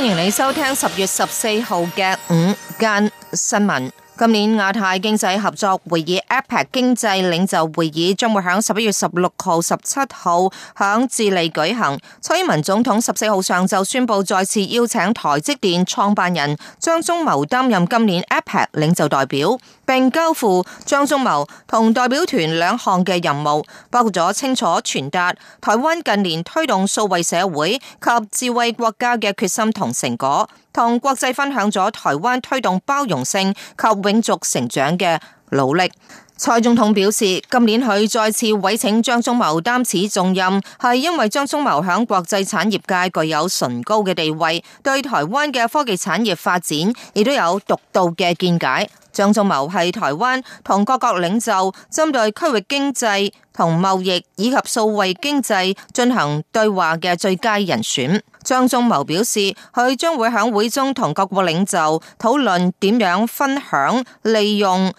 歡迎你收聽十月十四號嘅午間新聞。今年亞太經濟合作會議 （APEC） 經濟領袖會議將會響十一月十六號、十七號響智利舉行。蔡英文總統十四號上晝宣布再次邀請台積電創辦人張忠謀擔任今年 APEC 領袖代表，並交付張忠謀同代表團兩項嘅任務，包括咗清楚傳達台灣近年推動數位社會及智慧國家嘅決心同成果。同國際分享咗台灣推動包容性及永續成長嘅。努力。蔡總統表示，今年佢再次委請張忠謀擔此重任，係因為張忠謀響國際產業界具有崇高嘅地位，對台灣嘅科技產業發展亦都有獨到嘅見解。張忠謀係台灣同各國領袖針對區域經濟同貿易以及數位經濟進行對話嘅最佳人選。張忠謀表示，佢將會響會中同各國領袖討論點樣分享利用。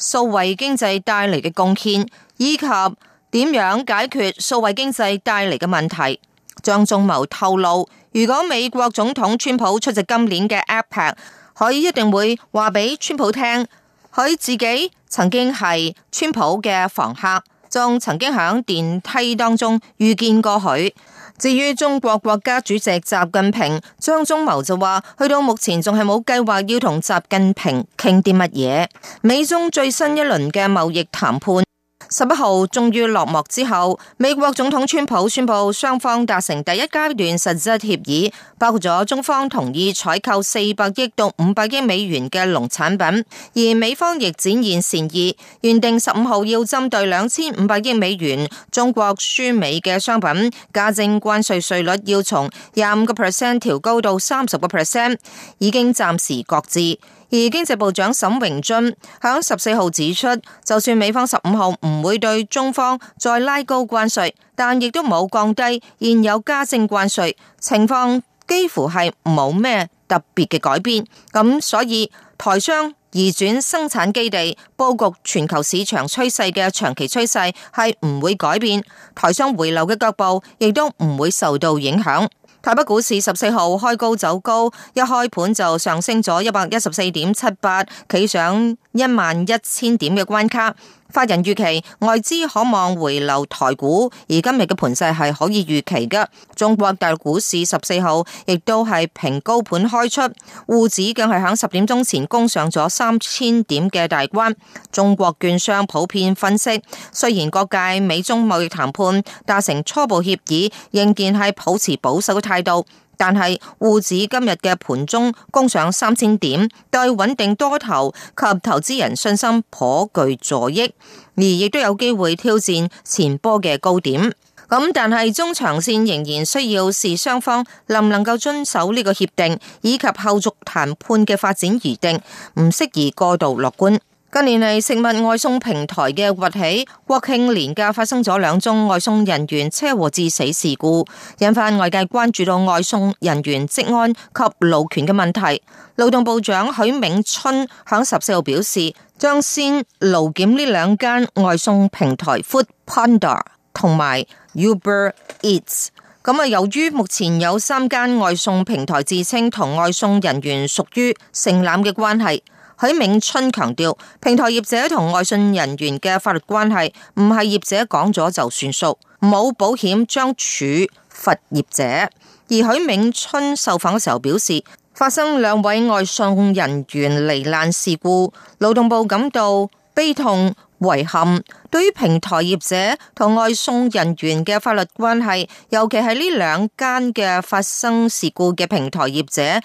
數位經濟帶嚟嘅貢獻，以及點樣解決數位經濟帶嚟嘅問題。張忠謀透露，如果美國總統川普出席今年嘅 APEC，佢一定會話俾川普聽，佢自己曾經係川普嘅房客，仲曾經響電梯當中遇見過佢。至於中國國家主席習近平，張忠謀就話，去到目前仲係冇計劃要同習近平傾啲乜嘢。美中最新一輪嘅貿易談判。十一號終於落幕之後，美國總統川普宣布雙方達成第一階段實質協議，包括咗中方同意採購四百億到五百億美元嘅農產品，而美方亦展現善意，原定十五號要針對兩千五百億美元中國輸美嘅商品，加徵關稅稅率要從廿五個 percent 調高到三十個 percent，已經暫時擱置。而經濟部長沈榮津響十四號指出，就算美方十五號唔會對中方再拉高關稅，但亦都冇降低現有加徵關稅，情況幾乎係冇咩特別嘅改變。咁所以台商移轉生產基地、布局全球市場趨勢嘅長期趨勢係唔會改變，台商回流嘅腳步亦都唔會受到影響。台北股市十四號開高走高，一開盤就上升咗一百一十四點七八，企上一萬一千點嘅關卡。法人預期外資可望回流台股，而今日嘅盤勢係可以預期嘅。中國大陸股市十四號亦都係平高盤開出，滬指更係喺十點鐘前攻上咗三千點嘅大關。中國券商普遍分析，雖然各界美中貿易談判達成初步協議，仍然係保持保守嘅態度。但係，滬指今日嘅盤中攻上三千點，對穩定多頭及投資人信心頗具助益，而亦都有機會挑戰前波嘅高點。咁但係，中長線仍然需要視雙方能唔能夠遵守呢個協定以及後續談判嘅發展而定，唔適宜過度樂觀。近年嚟，食物外送平台嘅崛起，國慶連假發生咗兩宗外送人員車禍致死事故，引發外界關注到外送人員職安及勞權嘅問題。勞動部長許銘春響十四號表示，將先勞檢呢兩間外送平台 Foodpanda 同埋 Uber Eats，咁啊，由於目前有三間外送平台自稱同外送人員屬於承攬嘅關係。許銘春強調，平台業者同外送人員嘅法律關係唔係業者講咗就算數，冇保險將處罰業者。而許銘春受訪嘅時候表示，發生兩位外送人員罹難事故，勞動部感到悲痛。遺憾，對於平台業者同外送人員嘅法律關係，尤其係呢兩間嘅發生事故嘅平台業者，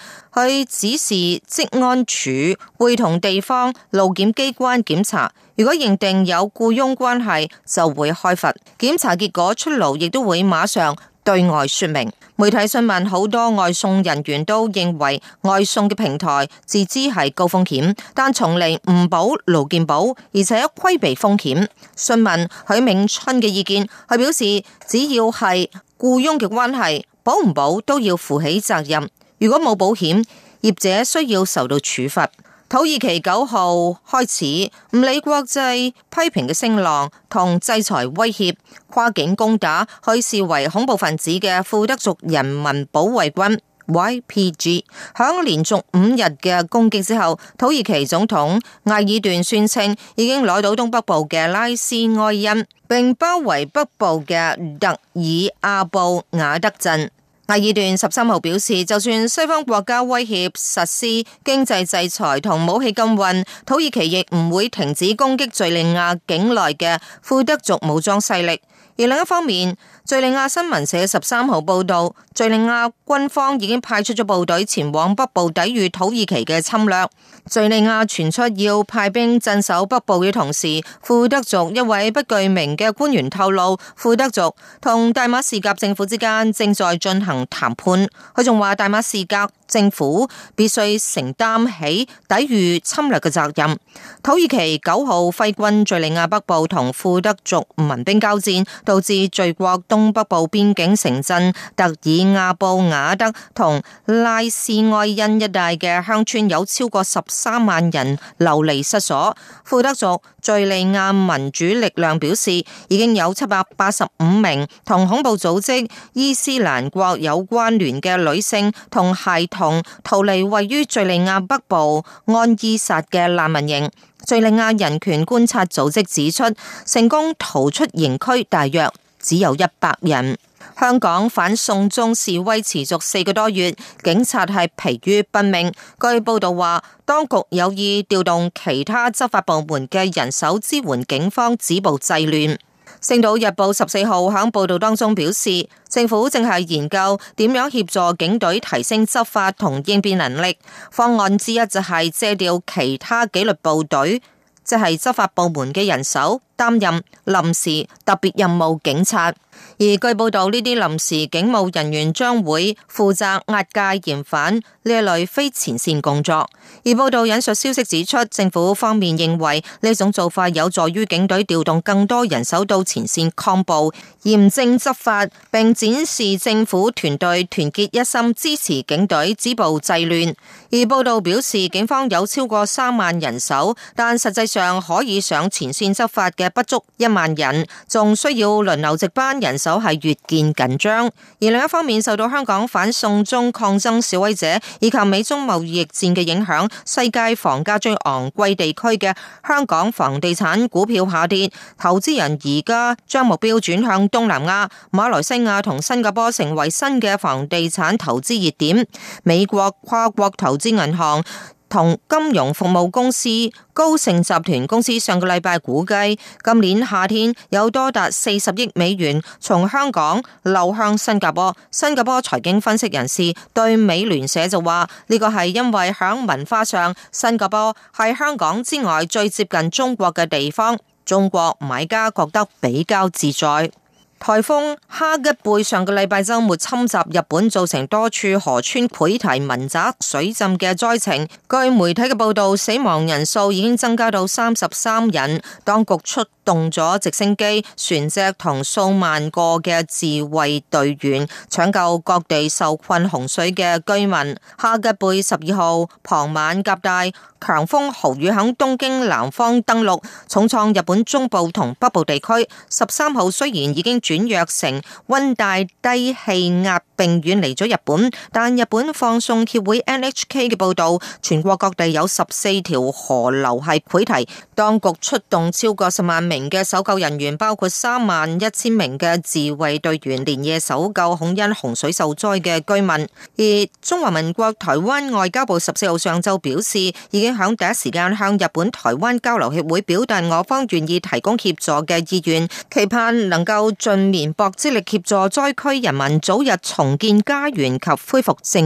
去指示職安署會同地方勞檢機關檢查，如果認定有僱傭關係，就會開罰。檢查結果出爐，亦都會馬上。對外說明，媒體詢問好多外送人員都認為外送嘅平台自知係高風險，但從嚟唔保勞健保，而且規避風險。詢問許銘春嘅意見，佢表示只要係雇傭嘅關係，保唔保都要負起責任。如果冇保險，業者需要受到處罰。土耳其九號開始唔理國際批評嘅聲浪同制裁威脅，跨境攻打去視為恐怖分子嘅庫德族人民保衛軍 （YPG） 響連續五日嘅攻擊之後，土耳其總統艾爾段宣稱已經攞到東北部嘅拉斯埃恩，並包圍北部嘅德爾阿布雅德鎮。艾爾段十三號表示，就算西方國家威脅實施經濟制裁同武器禁運，土耳其亦唔會停止攻擊敘利亞境內嘅庫德族武裝勢力。而另一方面，敘利亞新聞社十三號報道，敘利亞軍方已經派出咗部隊前往北部抵禦土耳其嘅侵略。敘利亞傳出要派兵鎮守北部嘅同時，庫德族一位不具名嘅官員透露，庫德族同大馬士革政府之間正在進行談判。佢仲話大馬士革政府必須承擔起抵禦侵略嘅責任。土耳其九號揮軍敘利亞北部同庫德族民兵交戰，導致敘國東北部邊境城鎮特爾亞布雅德同拉斯埃因一帶嘅鄉村有超過十三萬人流離失所。庫德族敘利亞民主力量表示，已經有七百八十五名同恐怖組織伊斯蘭國有關聯嘅女性同孩童逃離位於敘利亞北部安伊薩嘅難民營。敘利亞人權觀察組織指出，成功逃出營區大約只有一百人。香港反送中示威持續四個多月，警察係疲於奔命。據報道話，當局有意調動其他執法部門嘅人手支援警方止暴制亂。《星島日報》十四號響報道當中表示，政府正係研究點樣協助警隊提升執法同應變能力。方案之一就係借調其他紀律部隊。即係執法部門嘅人手擔任臨時特別任務警察。而據報道，呢啲臨時警務人員將會負責押解嫌犯呢類非前線工作。而報道引述消息指出，政府方面認為呢種做法有助於警隊調動更多人手到前線抗暴、嚴正執法，並展示政府團隊團結一心，支持警隊止暴制亂。而報道表示，警方有超過三萬人手，但實際上可以上前線執法嘅不足一萬人，仲需要輪流值班。人手係越見緊張，而另一方面受到香港反送中抗爭示威者以及美中貿易戰嘅影響，世界房價最昂貴地區嘅香港房地產股票下跌，投資人而家將目標轉向東南亞、馬來西亞同新加坡，成為新嘅房地產投資熱點。美國跨國投資銀行。同金融服務公司高盛集團公司上個禮拜估計，今年夏天有多達四十億美元從香港流向新加坡。新加坡財經分析人士對美聯社就話，呢個係因為響文化上，新加坡係香港之外最接近中國嘅地方，中國買家覺得比較自在。颱風哈吉貝上個禮拜周末侵襲日本，造成多處河川潰堤、民宅水浸嘅災情。據媒體嘅報道，死亡人數已經增加到三十三人，當局出動咗直升機、船隻同數萬個嘅自衛隊員，搶救各地受困洪水嘅居民。哈吉貝十二號傍晚夾帶強風豪雨響東京南方登陸，重創日本中部同北部地區。十三號雖然已經轉弱成溫帶低氣壓，並遠離咗日本，但日本放送協會 NHK 嘅報道，全國各地有十四條河流係潰堤，當局出動超過十萬名嘅搜救人員，包括三萬一千名嘅自衛隊員，連夜搜救恐因洪水受災嘅居民。而中華民國台灣外交部十四號上晝表示，已經響第一時間向日本台灣交流協會表達我方願意提供協助嘅意願，期盼能夠盡綿薄之力協助災區人民早日重建家園及恢復正。